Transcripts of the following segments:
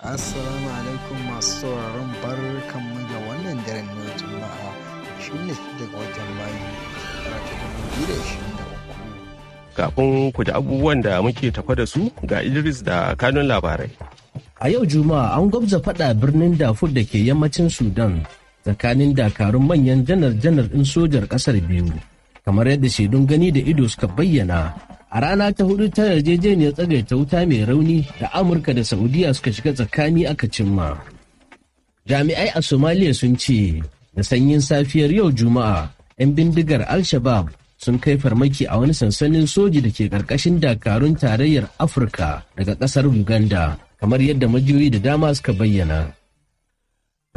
Assalamu alaikum masu sauraron barkan mu da wannan daren na Juma'a 26 daga watan Mayu da Kafin ku da abubuwan da muke tafa da su ga Idris da kanun labarai. A yau Juma'a an gwabza fada birnin Darfur da ke yammacin Sudan tsakanin dakarun manyan janar-janar ɗin sojar ƙasar biyu. Kamar yadda shaidun gani da ido suka bayyana a rana ta hudu ta yarjejeniyar tsagaita wuta mai rauni da amurka da saudiya suka shiga tsakani aka cimma jami'ai a somaliya sun ce da sanyin safiyar yau juma'a 'yan bindigar al-shabab sun kai farmaki a wani sansanin soji da ke karkashin dakarun tarayyar afirka daga kasar uganda kamar yadda majiyoyi da dama suka bayyana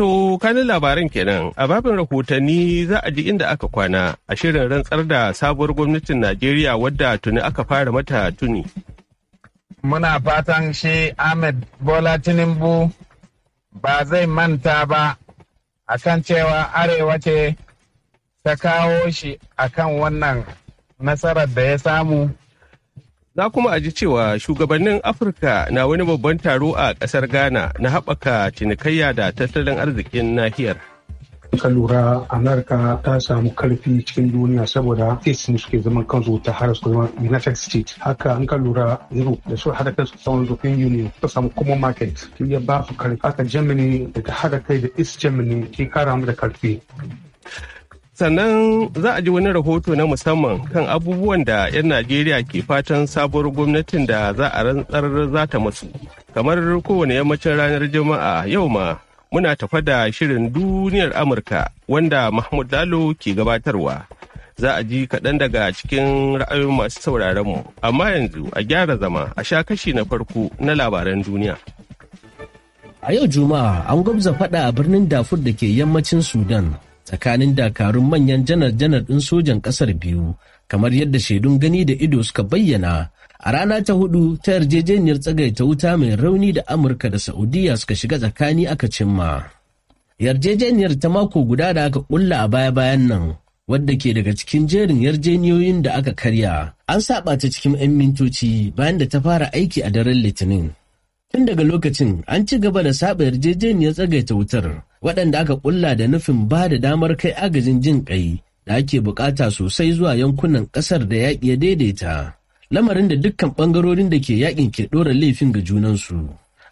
To kanin labaran kenan a babin rahotanni za a ji inda aka kwana a shirin rantsar da sabuwar gwamnatin Najeriya wadda tuni aka fara mata tuni. Muna fatan shi Ahmed Bola Tinubu ba zai manta ba a kan cewa arewa ce ta kawo shi akan wannan nasarar da ya samu Za kuma a ji cewa shugabannin Afirka na wani babban taro a kasar Ghana na haɓaka cinikayya da tattalin arzikin nahiyar. ka lura amurka ta samu karfi cikin duniya saboda states ne suke zaman kansu ta hara su zama united states haka an ka lura europe da su hada kai su samu european union ta samu common market ta ya ba su karfi haka germany da ta hada kai da east germany ke kara mu da karfi sannan za a ji wani rahoto na musamman kan abubuwan da 'yan najeriya ke fatan sabuwar gwamnatin da za a rantsar za ta masu kamar kowane yammacin ranar juma'a yau ma muna tafa da shirin duniyar amurka wanda mahmud lalo ke gabatarwa za a ji kaɗan daga cikin ra'ayoyin masu sauraron mu amma yanzu a gyara zama a sha kashi na farko na labaran duniya a yau juma'a an gwamza faɗa a birnin dafur da ke yammacin sudan tsakanin dakarun manyan janar-janar ɗin sojan ƙasar biyu kamar yadda shaidun gani da ido suka bayyana a rana ta hudu ta yarjejeniyar tsagaita wuta mai rauni da amurka da Saudiyya suka shiga tsakani aka cimma yarjejeniyar ta mako guda da aka kulla a baya-bayan nan wadda ke daga cikin jerin yarjeniyoyin da aka karya an saba ta cikin 'yan mintoci bayan da ta fara aiki a daren litinin Tun daga lokacin an ci gaba da saba yarjejeniyar tsagaita wutar waɗanda aka ƙulla da nufin ba da damar kai agajin jin ƙai da ake buƙata sosai zuwa yankunan ƙasar da yaƙi ya daidaita. Lamarin da dukkan ɓangarorin da ke yaƙin ke ɗora laifin ga junansu.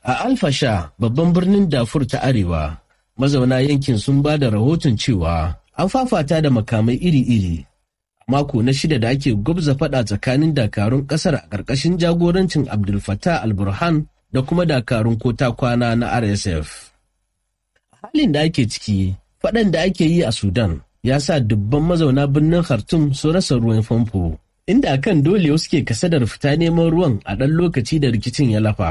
A Alfasha babban birnin Dafur ta Arewa, mazauna yankin sun ba da rahoton cewa an fafata da makamai iri-iri. Mako na shida da ake gwabza faɗa tsakanin dakarun ƙasar a ƙarƙashin jagorancin Abdul Fattah al-Burhan da kuma dakarun kota kwana na RSF. Halin da ake ciki, faɗan da ake yi a Sudan ya sa dubban mazauna birnin Khartoum su rasa ruwan famfo, inda kan dole suke kasa kasadar fita neman ruwan a ɗan lokaci da rikicin ya lafa.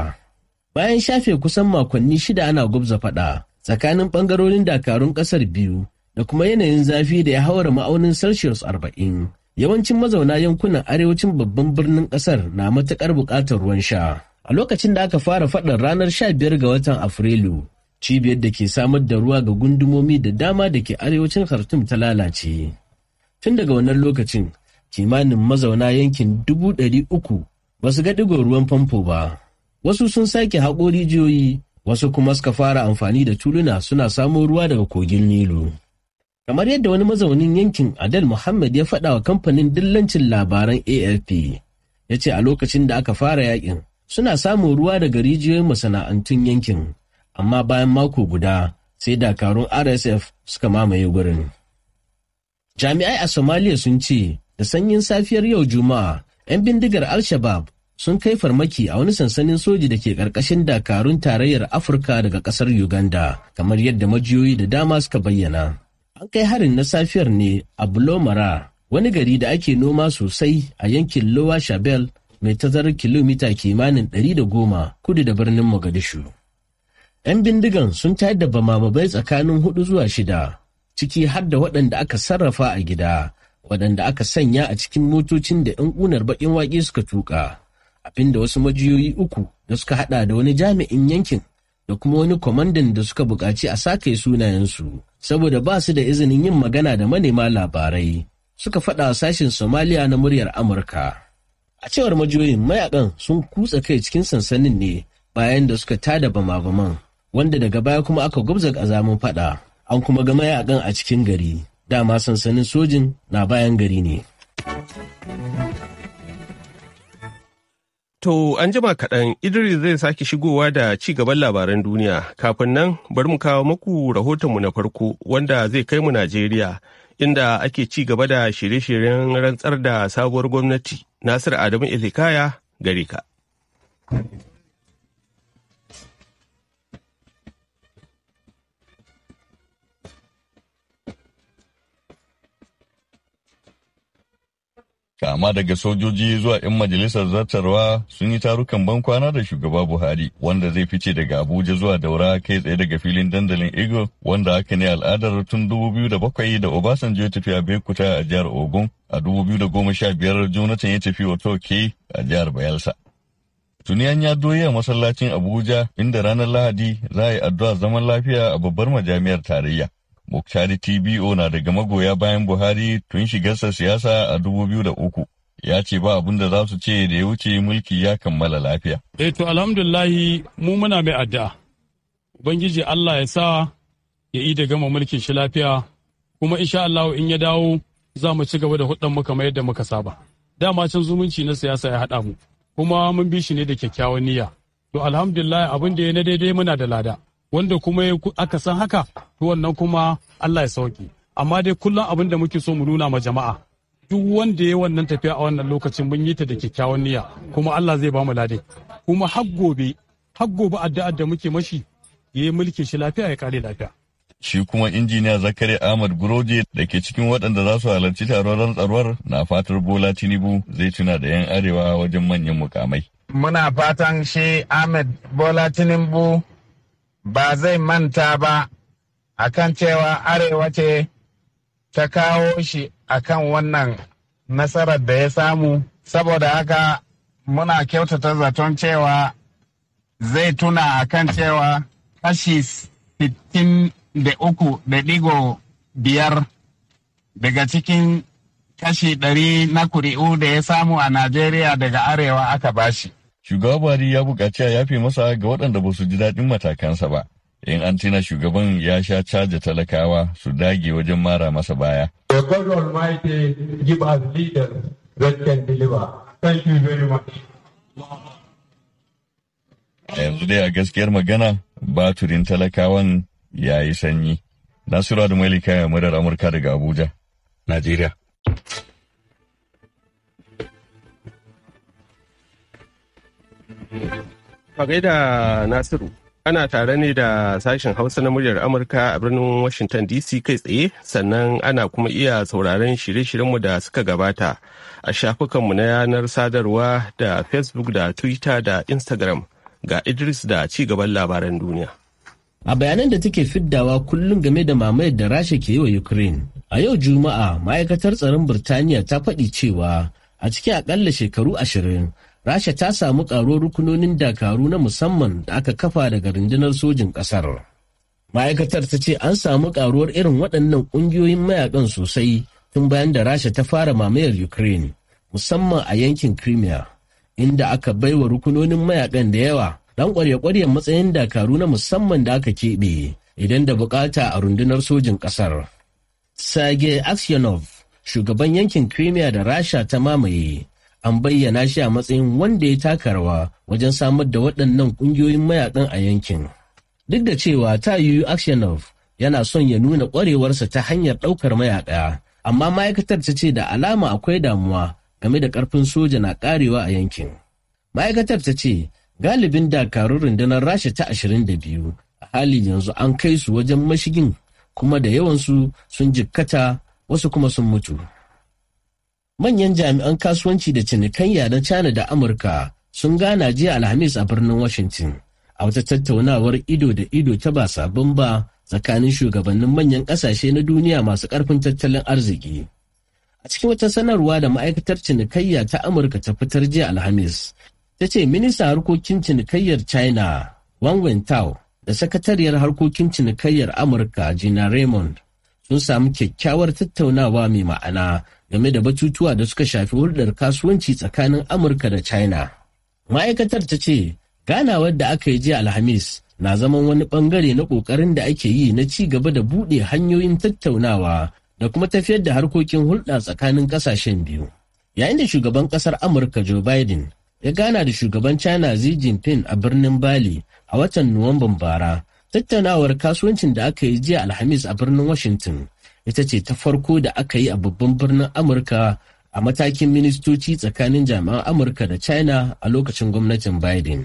Bayan shafe kusan makonni shida ana gwabza faɗa tsakanin ɓangarorin dakarun ƙasar biyu da kuma yanayin zafi da ya haura ma'aunin Celsius arba'in. yawancin mazauna yankunan arewacin babban birnin ƙasar na matuƙar buƙatar ruwan sha. A lokacin da aka fara faɗin ranar 15 ga watan Afrilu, cibiyar da ke samar da ruwa ga gundumomi da dama da ke arewacin Khartoum ta lalace. Tun daga wannan lokacin, kimanin mazauna yankin dubu ɗari uku ba su ga ɗigon ruwan famfo ba. Wasu sun sake haƙo rijiyoyi, wasu kuma suka fara amfani da tuluna suna samo ruwa daga kogin Nilu. Kamar yadda wani mazaunin yankin Adel Muhammad ya faɗa wa kamfanin dillancin labaran AFP, ya ce a lokacin da aka fara yakin suna samun ruwa daga rijiyoyin masana'antun yankin amma bayan mako guda sai dakarun rsf suka mamaye gurin jami'ai a somaliya sun ce da sanyin safiyar yau juma'a 'yan bindigar al-shabab sun kai farmaki a wani sansanin soji da ke ƙarƙashin dakarun tarayyar afirka daga ƙasar uganda kamar yadda majiyoyi da dama suka bayyana an kai harin na safiyar ne a bulomara wani gari da ake noma sosai a yankin lowa shabel mai tazarar kilomita kimanin ɗari da goma, kudu da birnin Mogadishu. 'Yan bindigan sun tayar da bamababai tsakanin hudu zuwa shida, ciki har da waɗanda aka sarrafa a gida, waɗanda aka sanya a cikin motocin da 'yan ƙunar baƙin waƙe suka tuƙa, abinda wasu majiyoyi uku da suka haɗa da wani jami'in yankin da kuma wani kwamandan da suka buƙaci a sake sunayensu saboda ba su da izinin yin magana da manema labarai suka faɗa sashen Somalia na muryar Amurka. A cewar majiyoyin mayakan sun kutsa kai cikin sansanin ne bayan da suka tada bama-baman wanda daga baya kuma aka gwabza azamin fada an kuma ga mayakan a cikin gari dama sansanin sojin na bayan gari ne. To an jima kaɗan Idris zai sake shigowa da ci gaban labaran duniya kafin nan bari mu kawo muku rahotonmu na farko wanda zai kai mu Najeriya inda ake ci gaba da shirye-shiryen rantsar da sabuwar gwamnati. Nasir Adamu Ilikaya gari ka. kama daga sojoji zuwa 'yan majalisar zartarwa sun yi tarukan ban kwana da shugaba buhari wanda zai fice daga abuja zuwa daura kai tsaye daga filin dandalin eagle wanda haka ne al'adar tun 2007 da obasanjo ya tafi kuta a jihar ogun a 2015 jonathan ya tafi toke a jihar bayelsa tuni an ya doya masallacin abuja inda ranar lahadi za a yi addu'a zaman lafiya a babbar majami'ar tarayya Muktari TBO na daga magoya bayan Buhari tun shigarsa siyasa a da uku. Ya ce ba abin da za su ce da ya wuce mulki ya kammala lafiya. Eh to alhamdulillahi mu muna mai addu'a. Ubangiji Allah ya sa ya yi da gama mulkin shi lafiya kuma insha Allah in ya dawo za mu ci gaba da hudan mu kamar yadda muka saba. Dama can zumunci na siyasa ya haɗa mu kuma mun bi shi ne da kyakkyawan niyya. To alhamdulillah abin da ya na daidai muna da lada. wanda kuma aka san haka to wannan kuma Allah ya sauki amma dai kullum abin da muke so mu nuna ma jama'a duk wanda ya wannan tafiya a wannan lokacin mun yi ta da kyakkyawan niyya kuma Allah zai ba mu lade kuma har gobe har gobe addu'ar da muke mashi ya yi mulki shi lafiya ya kare lafiya shi kuma injiniya zakari ahmad guroje da ke cikin waɗanda za su halarci taron rantsarwar na fatar bola tinubu zai tuna da yan arewa wajen manyan mukamai muna fatan shi ahmed bola tinubu ba zai manta ba a kan cewa arewa ce ta kawo shi a kan wannan nasarar da ya samu saboda haka muna kyautata zaton cewa zai tuna a kan cewa kashi sittin da uku da digo biyar daga cikin kashi ɗari na kuri'u da ya samu a Najeriya daga arewa aka bashi. Shugaba Buhari ya bukaci a yafe masa ga waɗanda ba su ji daɗin matakansa ba. In an tuna shugaban ya sha caja talakawa su dage wajen mara masa baya. The God Almighty give us that can deliver. Thank you very much. A yanzu dai a gaskiyar magana baturin talakawan ya yi sanyi. Nasiru Adamu Elika murar Amurka daga Abuja, Najeriya. Fagai da Nasiru, ana tare ne da sashen Hausa na muryar Amurka a birnin Washington DC kai tsaye, sannan ana kuma iya sauraron shirye-shiryenmu da suka gabata a shafukanmu na yanar sadarwa da Facebook da Twitter da Instagram ga Idris da ci gaban labaran duniya. A bayanan da take fiddawa kullum game da mamayar da Rasha ke yi wa Ukraine, a yau Juma'a ma'aikatar tsaron Birtaniya ta faɗi cewa a cikin akalla shekaru ashirin rasha ta samu ƙaruwar rukunonin dakaru na musamman da aka kafa daga rundunar sojin ƙasar ma'aikatar ta ce an samu ƙaruwar irin waɗannan ƙungiyoyin mayakan sosai tun bayan da rasha ta fara mamayar ukraine musamman a yankin crimea inda aka baiwa rukunonin mayakan da yawa dan ƙwarya-ƙwaryen matsayin dakaru na musamman da aka keɓe idan da bukata a rundunar sojin ƙasar sergei aksyonov shugaban yankin crimea da rasha ta mamaye an bayyana shi a matsayin wanda ya taka rawa wajen samar da waɗannan ƙungiyoyin mayaƙan a yankin. Duk da cewa ta yiwu Akshenov yana son ya nuna ƙwarewarsa ta hanyar ɗaukar mayaƙa, amma ma'aikatar ta ce da alama akwai damuwa game da ƙarfin soja na ƙarewa a yankin. Ma'aikatar ta ce galibin dakarun rundunar Rasha ta ashirin da biyu a hali yanzu an kai su wajen mashigin kuma da yawansu sun jikkata wasu kuma sun mutu. manyan jami'an kasuwanci da cinikayya na China da Amurka sun gana jiya Alhamis a birnin Washington a wata tattaunawar ido da ido ta ba sabon ba tsakanin shugabannin manyan ƙasashe na duniya masu ƙarfin tattalin arziki. A cikin wata sanarwa da ma'aikatar cinikayya ta Amurka ta fitar jiya Alhamis, ta ce ministan harkokin cinikayyar China Wang Wentao da sakatariyar harkokin cinikayyar Amurka Gina Raymond sun samu kyakkyawar tattaunawa mai ma'ana game da batutuwa da suka shafi hulɗar kasuwanci tsakanin Amurka da China. Ma'aikatar ta ce, ganawar da aka yi jiya Alhamis na zaman wani ɓangare na ƙoƙarin da ake yi na ci gaba da buɗe hanyoyin tattaunawa da kuma tafiyar da harkokin hulɗa tsakanin ƙasashen biyu. Yayin da shugaban ƙasar Amurka Joe Biden ya gana da shugaban China Xi Jinping a birnin Bali a watan Nuwamban bara, tattaunawar kasuwancin da aka yi jiya Alhamis a birnin Washington ita ce ta farko da aka yi a babban birnin amurka a matakin ministoci tsakanin jami'an amurka da china a lokacin gwamnatin biden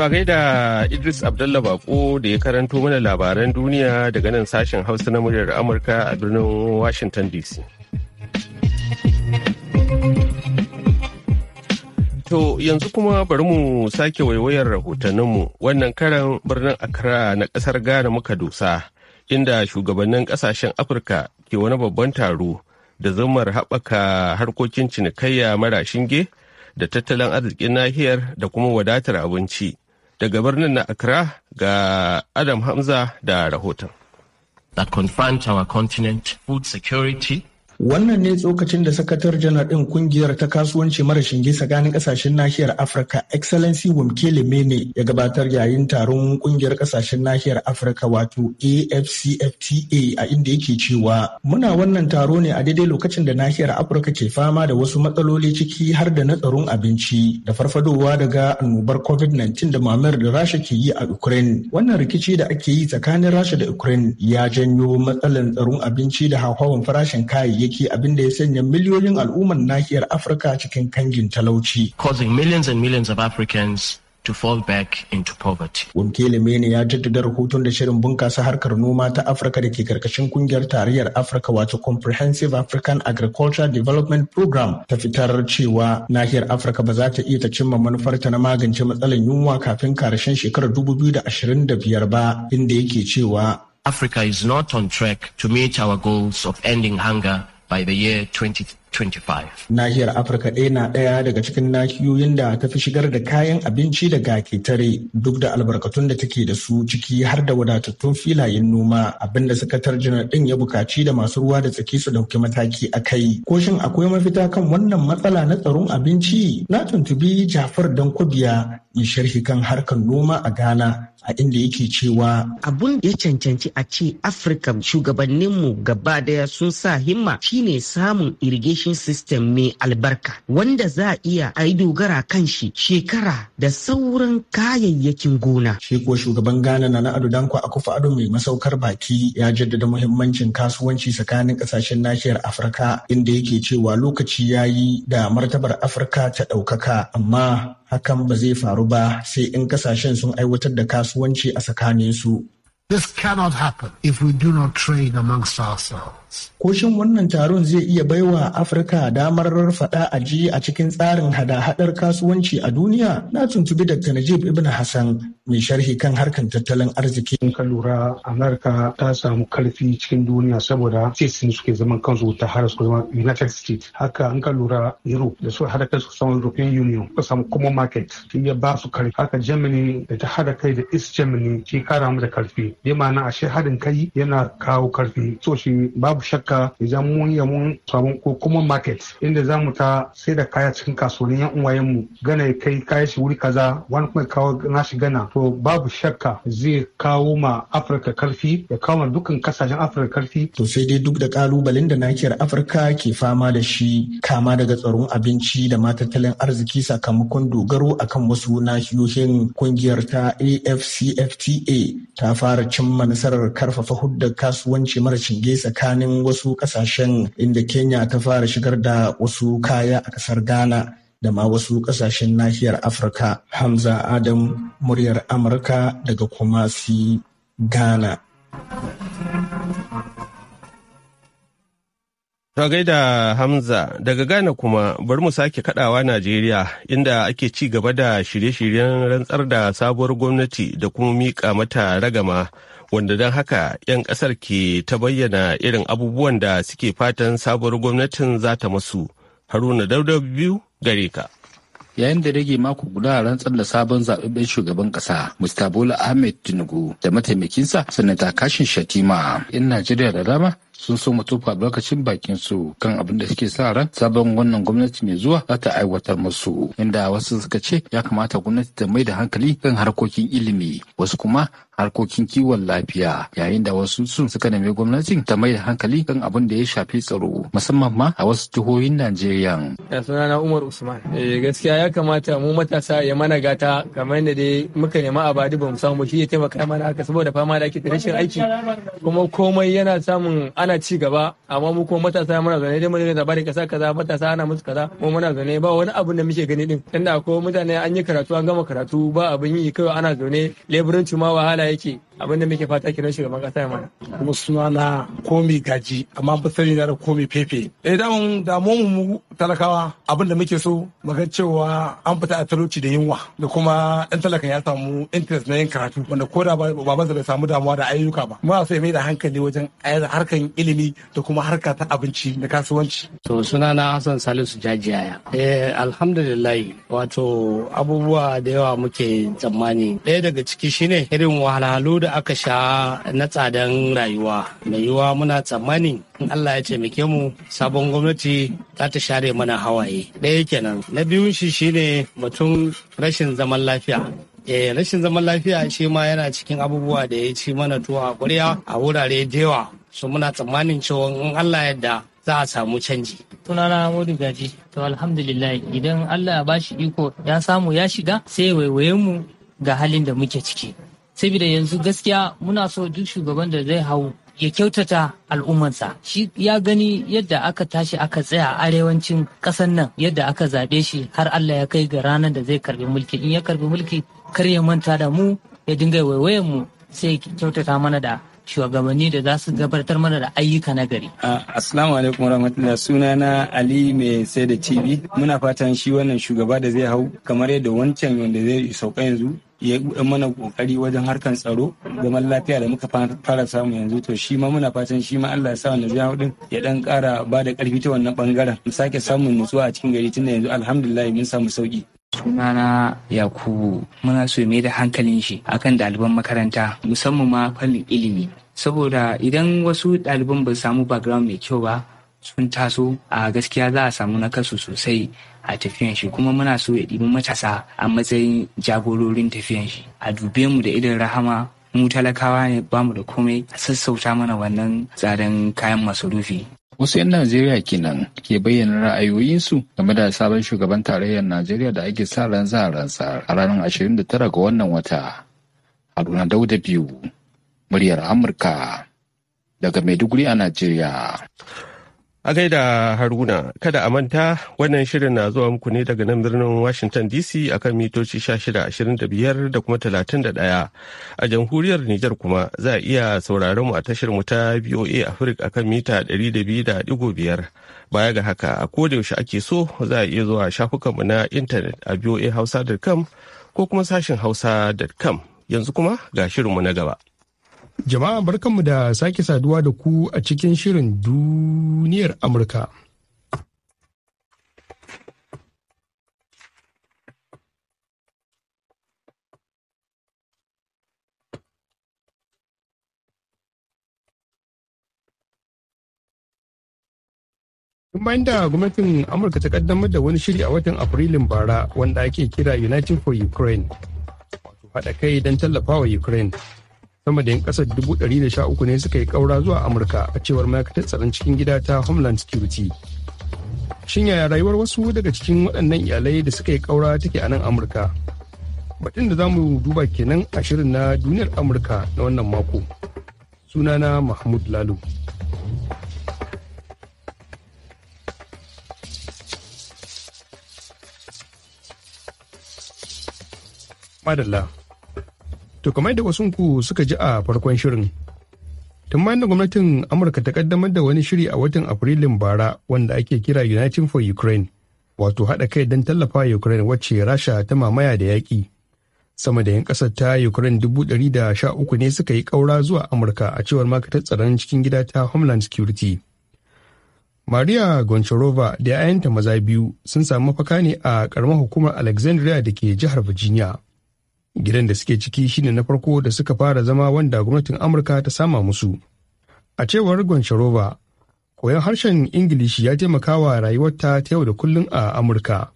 To da Idris Abdullah Bako da ya karanto mana labaran duniya daga nan sashen Hausa na muryar Amurka a birnin Washington DC. To yanzu kuma bari mu sake waiwayar rahotanninmu wannan karan birnin Accra na ƙasar Ghana muka dosa inda shugabannin ƙasashen Afirka ke wani babban taro da zumar haɓaka harkokin cinikayya mara shinge da tattalin arzikin nahiyar da kuma wadatar abinci. Daga birnin na Accra ga Adam Hamza da rahoton. That confront our continent, food security, Wannan ne tsokacin da sakatar janar ɗin kungiyar ta kasuwanci mara shinge tsakanin ƙasashen nahiyar Afirka Excellency Wamkele Mene ya gabatar yayin taron kungiyar ƙasashen nahiyar Afirka wato AFCFTA a inda yake cewa muna wannan taro ne a daidai lokacin da nahiyar Afirka ke fama da wasu matsaloli ciki har da na tsaron abinci da farfadowa daga annobar COVID-19 da mamayar da Rasha ke yi a Ukraine. Wannan rikici da ake yi tsakanin Rasha da Ukraine ya janyo matsalar tsaron abinci da hauhawan farashin kayayyaki arziki abin da ya sanya miliyoyin al'ummar nahiyar Afirka cikin kangin talauci. Causing millions and millions of Africans to fall back into poverty. Wunkele Mene ya jaddada rahoton da shirin bunkasa harkar noma ta Afirka da ke karkashin kungiyar tarayyar Afirka wato Comprehensive African Agriculture Development Program ta fitar cewa nahiyar Afirka ba za ta iya ta cimma manufarta na magance matsalar yunwa kafin karshen shekarar 2025 ba inda yake cewa Africa is not on track to meet our goals of ending hunger by the year 20, 2025. Nahiyar Afirka ɗaya na ɗaya daga cikin nahiyoyin da ta fi shigar da kayan abinci daga ketare duk da albarkatun da take da su ciki har da wadatattun filayen noma abinda sakatar janar ɗin ya bukaci da masu ruwa da tsaki su ɗauki mataki a kai. Ko shin akwai mafita kan wannan matsala na tsaron abinci? Na tuntubi Jafar Dankwabiya mai sharhi kan harkar noma a Ghana a inda yake cewa abun ya cancanci a ce Afirka shugabanninmu gaba daya sun sa himma shine samun irrigation education system mai albarka wanda za a iya a yi dogara kan shi shekara da sauran kayayyakin gona. Shi ko shugaban Ghana na Ado Danko Akufa Ado mai masaukar baki ya jaddada muhimmancin kasuwanci tsakanin kasashen nahiyar Afirka inda yake cewa lokaci ya yi da martabar Afirka ta ɗaukaka amma hakan ba zai faru ba sai in kasashen sun aiwatar da kasuwanci a tsakaninsu. This cannot happen if we do not trade amongst ourselves. Ko shin wannan taron zai iya baiwa Afirka damar faɗa a ji a cikin tsarin hada-hadar kasuwanci a duniya? Na tuntubi Dr. Najib Ibn Hassan mai sharhi kan harkar tattalin arziki. In ka lura Amurka ta samu karfi cikin duniya saboda states ne suke zaman kansu ta har su zama United States. Haka in ka lura Europe da su hada kai su samu European Union ka samu common market shi ya ba su karfi. Haka Germany da ta hada kai da East Germany shi kara mu da karfi. Bi ma'ana ashe haɗin kai yana kawo karfi. So shi babu babu shakka idan mun yi mun sabon ko kuma market inda za mu ta sai da kaya cikin kasuwannin yan uwayen mu gana ya kai kaya shi wuri kaza wani kuma kawo na shi gana to babu shakka zai kawo ma afirka karfi ya kawo ma dukkan kasashen afirka karfi to sai dai duk da kalubalen da nakiyar afirka ke fama da shi kama daga tsaron abinci da ma tattalin arziki sakamakon dogaro akan wasu nahiyoyin kungiyar ta afcfta ta fara cimma nasarar karfafa hudda kasuwanci mara shinge tsakanin bayan wasu kasashen inda Kenya ta fara shigar da wasu kaya a kasar Ghana da ma wasu kasashen nahiyar Afirka. Hamza Adam muryar Amurka daga Kumasi, Ghana. To gaida Hamza daga Ghana kuma bari mu sake kadawa Najeriya inda ake ci gaba da shirye-shiryen rantsar da sabuwar gwamnati da kuma mika mata ragama wanda don haka 'yan ƙasar ke ta bayyana irin abubuwan da suke fatan sabuwar gwamnatin za ta masu haruna dauda biyu gare ka yayin da rage mako guda a rantsar da sabon zaɓiɓɓen shugaban ƙasa mr bola ahmed tinubu da mataimakinsa sanata kashin shatima 'yan najeriya da dama sun so mu tufa lokacin bakin su kan abin da suke sa ran sabon wannan gwamnati mai zuwa za ta aiwatar musu inda wasu suka ce ya kamata gwamnati ta mai da hankali kan harkokin ilimi wasu kuma harkokin kiwon lafiya yayin da wasu sun suka nemi gwamnatin ta mai da hankali kan abin da ya shafi tsaro musamman ma a wasu jihohin Najeriya. Ya sunana Umar Usman. Eh gaskiya ya kamata mu matasa ya mana gata kamar yadda dai muka nema a badi mu samu shi ya taimaka mana haka saboda fama da ake rashin aiki kuma komai yana samun ana ana ci gaba amma mu kuma matasa muna zane dai mun da bari kasa kaza matasa ana musu kaza mu muna zane ba wani abu da muke gani din tunda akwai mutane an yi karatu an gama karatu ba abin yi kawai ana zaune leburin ma wahala yake abin da muke fata kiran shugaban kasa yamma kuma suna na komi gaji amma ba sani da komi fefe eh mun da mu talakawa abin da muke so maga cewa an fita a talauci da yunwa da kuma dan talaka ya samu interest na yin karatu wanda ko da b'a bai samu damuwa da ayyuka ba muna so mai da hankali wajen harkan ilimi da kuma harka ta abinci da kasuwanci to suna na Hassan Salisu Jajiya eh alhamdulillah wato abubuwa da yawa muke tsammani ɗaya daga ciki shine irin wahalhalu da da aka sha na tsadan rayuwa mai yiwuwa muna tsammanin in Allah ya taimake mu sabon gwamnati za ta share mana hawaye ɗaya kenan na biyun shi shine mutum rashin zaman lafiya eh rashin zaman lafiya shi ma yana cikin abubuwa da ya ci mana tuwa a ƙuriya a wurare da su muna tsammanin cewa in Allah yadda za a samu canji. Tunana Modu Gaji, to alhamdulillah idan Allah ya bashi iko ya samu ya shiga sai waiwaye mu ga halin da muke ciki. saboda yanzu gaskiya muna so duk shugaban da zai hau ya kyautata al'ummarsa shi ya gani yadda aka tashi aka tsaya a arewacin ƙasar nan yadda aka zaɓe shi har Allah ya kai ga ranar da zai karbi mulki in ya karbi mulki kar ya manta da mu ya dinga waiwayen mu sai kyautata mana da shugabanni da za su gabatar mana da ayyuka na gari. Assalamu alaikum Suna sunana Ali mai sai da TV muna fatan shi wannan shugaba da zai hau kamar yadda wancan wanda zai sauka yanzu ya buɗe mana kokari wajen harkar tsaro zaman lafiya da muka fara samu yanzu to shi ma muna fatan shi ma Allah ya sa wannan jiha din ya dan kara ba da ƙarfi ta wannan bangaren mu sake samun nutsuwa a cikin gari tunda yanzu alhamdulillah mun samu sauki sunana yakubu muna so mai da hankalin shi akan ɗaliban makaranta musamman ma fannin ilimi saboda idan wasu ɗaliban ba samu background mai kyau ba sun taso a gaskiya za a samu nakasu sosai a tafiyan shi kuma muna so ya ɗibi matasa a matsayin jagororin tafiyan shi a dube mu da idan rahama mu talakawa ne bamu da komai a sassauta mana wannan tsadan kayan masarufi wasu 'yan Najeriya kenan ke bayyana ra'ayoyinsu game da sabon shugaban tarayyar Najeriya da ake sa ran za a ransa a ranar tara ga wannan wata. Haruna Dauda biyu, muryar Amurka daga Maiduguri a Najeriya. A gaida Haruna, kada a manta wannan shirin na zuwa muku ne daga nan birnin Washington DC a kan mitoci 1625 da kuma 31. A jamhuriyar Nijar kuma za a iya sauraron mu a tashar mu ta BOA Africa a kan mita 200.5. Baya ga haka a yaushe ake so za a iya zuwa shafukanmu na intanet a boa Hausa.com ko kuma sashin hausa.com. Yanzu kuma ga shirinmu na gaba. Jama'a barkanmu da sake saduwa da ku a cikin shirin duniyar Amurka. bayan da gwamnatin amurka ta kaddamar da wani shiri a watan afrilun bara wanda ake kira united for ukraine wato haɗa kai don tallafa wa ukraine sama da 'yan sha 113 ne suka yi ƙaura zuwa amurka a cewar ma'aikatar tsaron cikin gida ta homeland security shin yaya rayuwar wasu daga cikin waɗannan iyalai da suka yi kaura take a nan amurka batun da za mu duba kenan a shirin na duniyar amurka na wannan mako sunana mahmud lalu madalla To kamar da wasu ku suka ji a farkon shirin. Tun bayan da gwamnatin Amurka ta kaddamar da wani shiri a watan Afrilun bara wanda ake kira 'United for Ukraine, wato haɗa kai don tallafa Ukraine wacce Rasha ta mamaya da yaƙi. Sama da 'yan ƙasar ta Ukraine dubu ɗari da sha uku ne suka yi ƙaura zuwa Amurka a cewar makatar tsaron cikin gida ta Homeland Security. Maria Goncharova da 'ya'yanta maza biyu sun samu mafaka ne a ƙaramar hukumar Alexandria da ke jihar Virginia. gidan da suke ciki shine na farko da suka fara zama wanda gwamnatin amurka ta sama musu a cewar goncharova koyon harshen ingilishi ya taimaka wa rayuwarta ta yau da kullum a amurka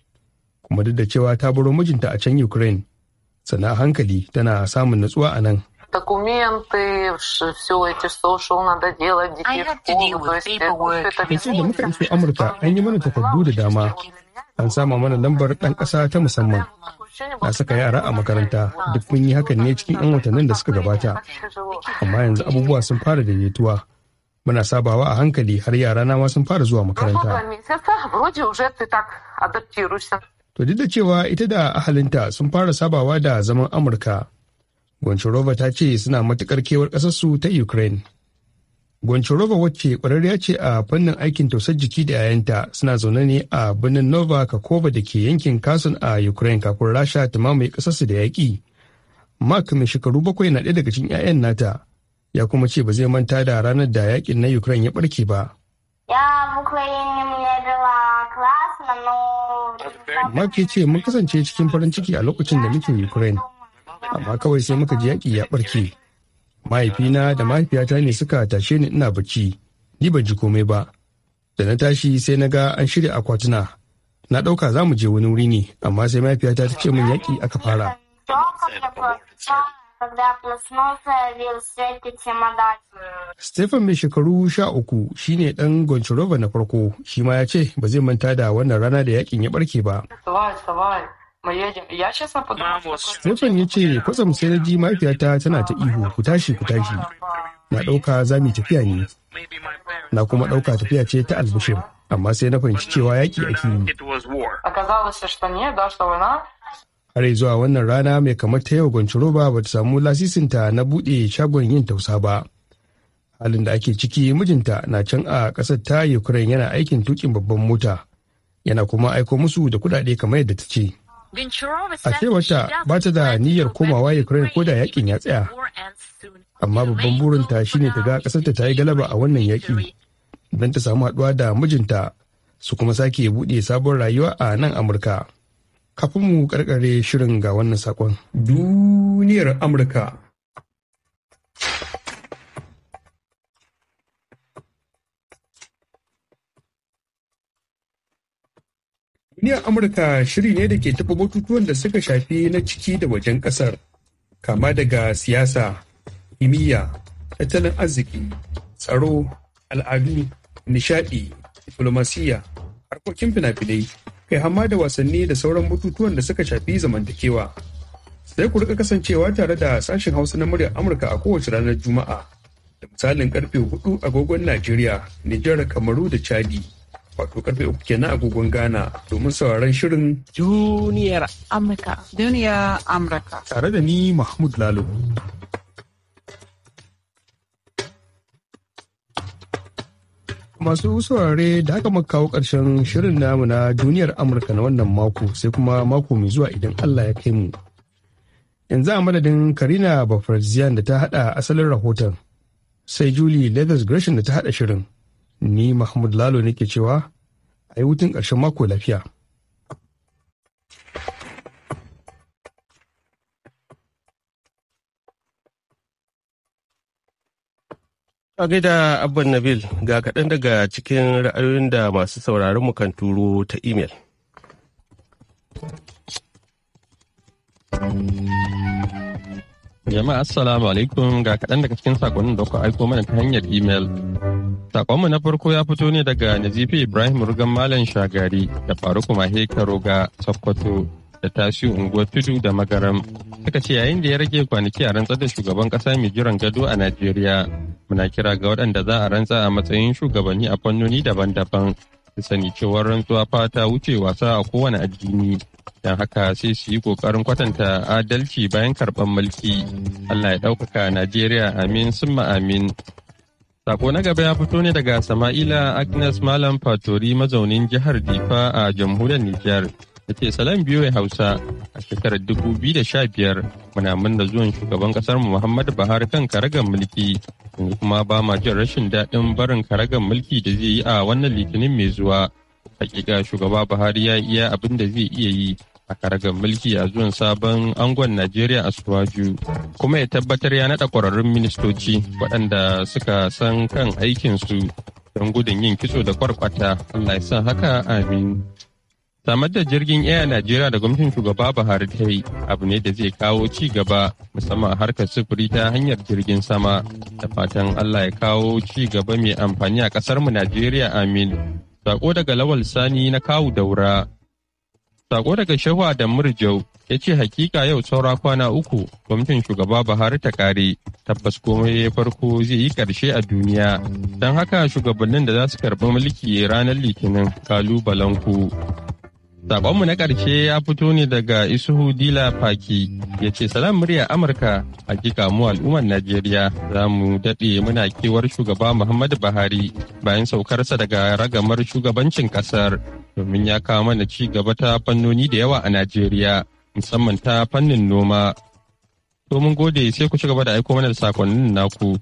kuma duk da cewa ta baro mijinta a can ukraine sana hankali tana samun natsuwa a nan документы, da muka iso Amurka an yi mana takardu da dama, an sama mana lambar ɗan ƙasa ta musamman. na saka yara a makaranta duk mun yi hakan ne cikin 'yan watannin da suka gabata amma yanzu abubuwa sun fara daidaituwa muna sabawa a hankali har yara na ma sun fara zuwa makaranta to duk da cewa ita da ahalinta sun fara sabawa da zaman amurka roba ta ce suna matukar kewar ƙasarsu ta ukraine Goncharova wacce kwararriya ce a fannin aikin tausar jiki da yayanta suna zaune ne a birnin Nova Kakova da ke yankin kasan a Ukraine kafin Rasha ta mamaye kasarsu da yaƙi. Mark mai shekaru bakwai na ɗaya daga cikin 'ya'yan nata ya kuma ce ba zai manta da ranar da yaƙin na Ukraine ya ɓarke ba. Mark ya ce mun kasance cikin farin ciki a lokacin da muke Ukraine, amma kawai sai muka ji yaƙi ya ɓarke. mahaifina da mahaifiyata ne suka tashe ni ina bacci ni ban ji komai ba da na tashi sai na ga an shirya akwatuna na ɗauka za mu je wani wuri ne amma sai mahaifiyata ta ce min yaƙi aka fara Stefan mai shekaru sha uku shi ne ɗan Goncharova na farko shi ma ya ce ba zai manta da wannan rana da yakin ya ɓarke ba. mu ya ce kwatsam sai na ji mahaifiyata tana ta ihu ku tashi ku tashi. Na ɗauka za mu tafiya ne. Na kuma ɗauka tafiya ce ta albishir. Amma sai na fahimci cewa yaƙi ke yi. Har zuwa wannan rana mai kamar ta yau ba ba ta samu lasisinta na buɗe shagon yin tausa ba. Halin da ake ciki mijinta na can a ƙasar ta Ukraine yana aikin tukin babban mota. Yana kuma aiko musu da kuɗaɗe kamar yadda ta ce. A cewarta ba ta da niyyar komawa Ukraine ko da yakin ya tsaya. Amma babban burinta shine ta ga ƙasarta ta yi galaba a wannan yaƙi don ta samu haɗuwa da mijinta su kuma sake buɗe sabon rayuwa a nan Amurka. Kafin mu karkare shirin ga wannan saƙon. Duniyar Amurka Duniyar Amurka shiri ne da ke taba batutuwan da suka shafi na ciki da wajen ƙasar, kama daga siyasa, kimiyya, tattalin arziki, tsaro, al'adu, nishaɗi, diflomasiyya, harkokin fina-finai, kai hama da wasanni da sauran batutuwan da suka shafi zamantakewa. Sai ku rika kasancewa tare da sashen Hausa na muryar Amurka a kowace ranar Juma'a, da misalin karfe 4 agogon Najeriya, Nijar, Kamaru da Chadi. wato karfe uku kenan agogon Ghana domin sauraron shirin Duniyar Amurka. Duniyar Amurka. Tare da ni Mahmud Lalo. Masu saurare da aka kawo ƙarshen shirin namu na duniyar Amurka na wannan mako sai kuma mako mai zuwa idan Allah ya kai mu. Yanzu a madadin Karina Bafarziyan da ta haɗa asalin rahoton sai Julie Leathers Gresham da ta haɗa shirin. Ni Mahmud Lalo nake cewa a yi hutun ƙarshen mako lafiya. A gaida Abban Nabil ga kaɗan daga cikin ra'ayoyin da masu sauraron mu kan turo ta imel. Jama'a assalamu alaikum ga kaɗan daga cikin sakonnin da kuka aiko mana ta hanyar imel. Sakonmu na farko ya fito ne daga Nazifi Ibrahim Rugan Malam Shagari da Faruku Mahe Karoga Sokoto da Tasiu Unguwar Tudu da Magaram. Suka ce yayin da ya rage kwanaki a rantsar da shugaban ƙasa mai jiran gado a Najeriya. Muna kira ga waɗanda za a rantsa a matsayin shugabanni a fannoni daban-daban su sani cewar rantsuwa fata wuce wasa a kowane addini don haka sai su yi kokarin kwatanta adalci bayan karɓar mulki allah ya ɗaukaka najeriya amin summa amin sako na gaba ya fito ne daga sama'ila agnes malam fatori mazaunin jihar difa a jamhuriyar nijar da ce salam biyu hausa a shekarar 2015 muna manna zuwan shugaban kasar mu muhammadu buhari kan karagar mulki yanzu kuma ba ma jin rashin daɗin barin karagar mulki da zai yi a wannan litinin mai zuwa hakika shugaba buhari ya iya abin da zai iya yi a karagar mulki a zuwan sabon angon najeriya a suwaju kuma ya tabbatar ya naɗa ƙwararrun ministoci waɗanda suka san kan aikinsu don gudun yin kitso da kwarkwata allah ya san haka amin samar da jirgin air najeriya da gwamnatin shugaba buhari ta yi abu ne da zai kawo ci gaba musamman a harkar sufuri ta hanyar jirgin sama da fatan allah ya kawo ci gaba mai amfani a kasar mu najeriya amin sako daga lawal sani na kawu daura sako daga Shehu da murjau ya ce hakika yau saura kwana uku gwamnatin shugaba buhari ta kare tabbas komai ya farko zai yi karshe a duniya don haka shugabannin da za su karɓi mulki ranar litinin ku Sabonmu na ƙarshe ya fito ne daga Isuhu Dila Faki ya ce salam murya Amurka hakika mu al'ummar Najeriya za mu daɗe muna kewar shugaba Muhammadu Buhari bayan saukarsa daga ragamar shugabancin ƙasar domin ya kawo mana ci gaba ta fannoni da yawa a Najeriya musamman ta fannin noma. To mun gode sai ku ci gaba da aiko mana da sakonnin naku.